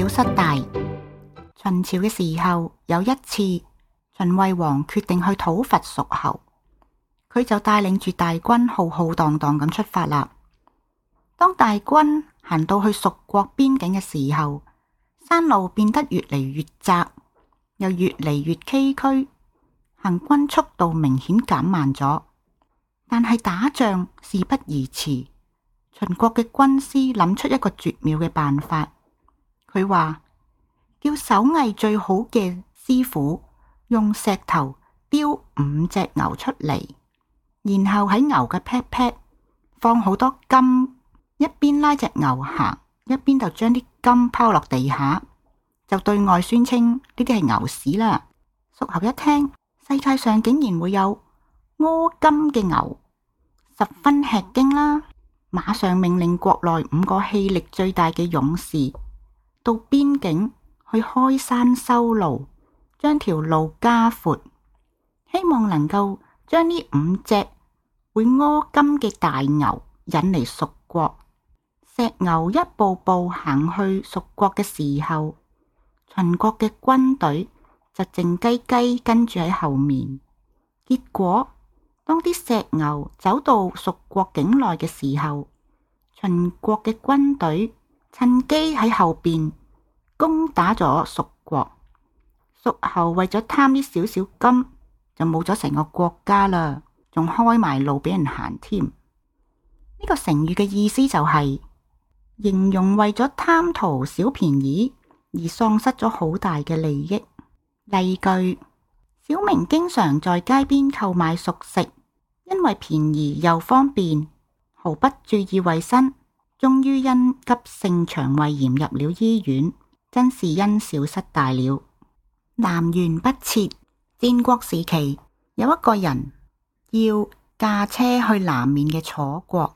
小失大。秦朝嘅時候，有一次，秦惠王決定去討伐蜀侯，佢就帶領住大軍浩浩蕩蕩咁出發啦。當大軍行到去蜀國邊境嘅時候，山路變得越嚟越窄，又越嚟越崎嶇，行軍速度明顯減慢咗。但係打仗事不宜遲，秦國嘅軍師諗出一個絕妙嘅辦法。佢話叫手藝最好嘅師傅用石頭雕五隻牛出嚟，然後喺牛嘅屁屁放好多金，一邊拉一隻牛行，一邊就將啲金拋落地下，就對外宣稱呢啲係牛屎啦。蜀侯一聽，世界上竟然會有屙金嘅牛，十分吃驚啦，馬上命令國內五個氣力最大嘅勇士。到邊境去開山修路，將條路加闊，希望能夠將呢五隻會屙金嘅大牛引嚟蜀國。石牛一步步行去蜀國嘅時候，秦國嘅軍隊就靜雞雞跟住喺後面。結果當啲石牛走到蜀國境內嘅時候，秦國嘅軍隊。趁機喺後邊攻打咗蜀國，蜀侯為咗貪呢少少金，就冇咗成個國家啦，仲開埋路俾人行添。呢、這個成語嘅意思就係、是、形容為咗貪圖小便宜而喪失咗好大嘅利益。例句：小明經常在街邊購買熟食，因為便宜又方便，毫不注意衛生。終於因急性腸胃炎入了醫院，真是因小失大了。南轅北轍。戰國時期，有一個人要駕車去南面嘅楚國，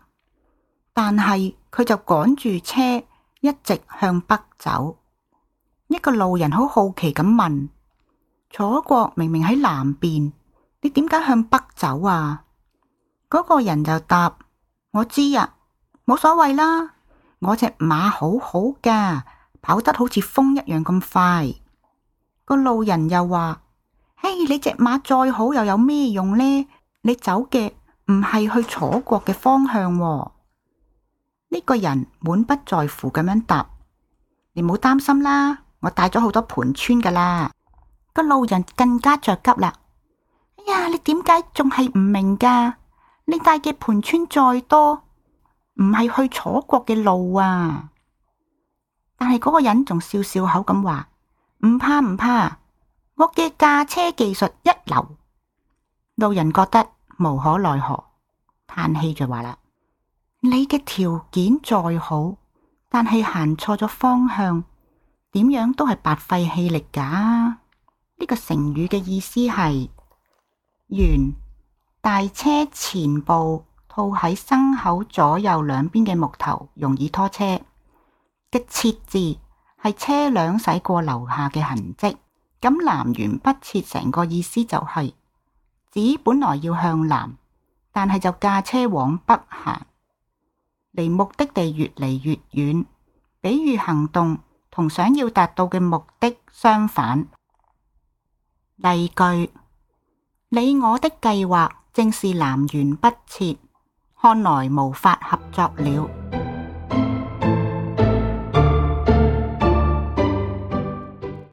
但係佢就趕住車一直向北走。一個路人好好奇咁問：楚國明明喺南邊，你點解向北走啊？嗰個人就答：我知呀。冇所謂啦，我隻馬好好嘅，跑得好似風一樣咁快。個路人又話：，嘿，你隻馬再好又有咩用呢？你走嘅唔係去楚國嘅方向，啊。呢個人滿不在乎咁樣答：，你唔好擔心啦，我帶咗好多盤村噶啦。個路人更加着急啦：，哎呀，你點解仲係唔明噶？你帶嘅盤村再多。唔係去楚國嘅路啊！但係嗰個人仲笑笑口咁話：唔怕唔怕，我嘅駕車技術一流。路人覺得無可奈何，嘆氣就話啦：你嘅條件再好，但係行錯咗方向，點樣都係白費氣力噶、啊。呢、這個成語嘅意思係：轅大車前部。鋪喺牲口左右兩邊嘅木頭容易拖車嘅。轍字係車輛駛過留下嘅痕迹。咁南轅北轍成個意思就係、是、指本來要向南，但係就駕車往北行，離目的地越嚟越遠。比喻行動同想要達到嘅目的相反。例句，你我的計劃正是南轅北轍。看來無法合作了。